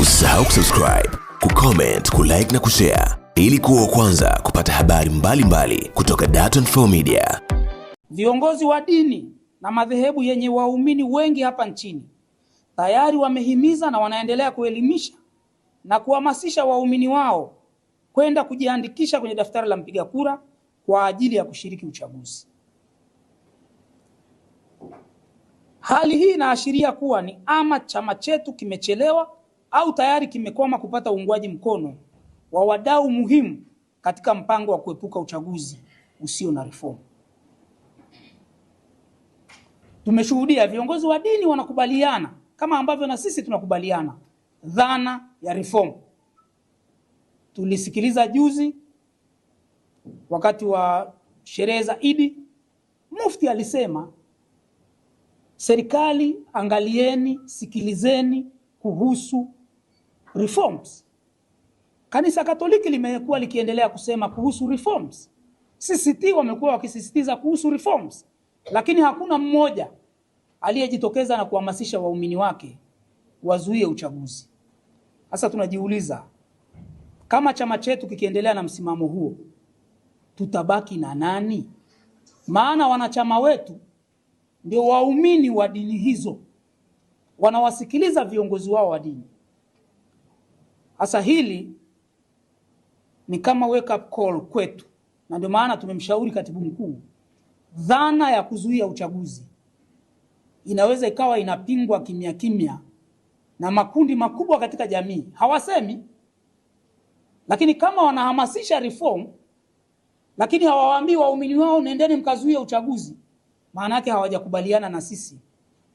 Usisahau kusubscribe, kucomment, kulike na kushare ili kuwa kwanza kupata habari mbalimbali mbali kutoka Dar24 Media. Viongozi wa dini na madhehebu yenye waumini wengi hapa nchini tayari wamehimiza na wanaendelea kuelimisha na kuhamasisha waumini wao kwenda kujiandikisha kwenye daftari la mpiga kura kwa ajili ya kushiriki uchaguzi. Hali hii inaashiria kuwa ni ama chama chetu kimechelewa au tayari kimekwama kupata uungwaji mkono wa wadau muhimu katika mpango wa kuepuka uchaguzi usio na reform. Tumeshuhudia viongozi wa dini wanakubaliana kama ambavyo na sisi tunakubaliana dhana ya reform. Tulisikiliza juzi wakati wa sherehe za Idi, mufti alisema serikali, angalieni, sikilizeni kuhusu reforms. Kanisa Katoliki limekuwa likiendelea kusema kuhusu reforms. CCT wamekuwa wakisisitiza kuhusu reforms, lakini hakuna mmoja aliyejitokeza na kuhamasisha waumini wake wazuie uchaguzi. Sasa tunajiuliza kama chama chetu kikiendelea na msimamo huo tutabaki na nani? Maana wanachama wetu ndio waumini wa dini hizo, wanawasikiliza viongozi wao wa dini. Hasa hili ni kama wake up call kwetu, na ndio maana tumemshauri katibu mkuu, dhana ya kuzuia uchaguzi inaweza ikawa inapingwa kimya kimya na makundi makubwa katika jamii, hawasemi, lakini kama wanahamasisha reform, lakini hawawaambii waumini wao nendeni mkazuia uchaguzi, maana yake hawajakubaliana na sisi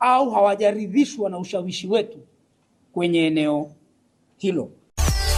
au hawajaridhishwa na ushawishi wetu kwenye eneo hilo.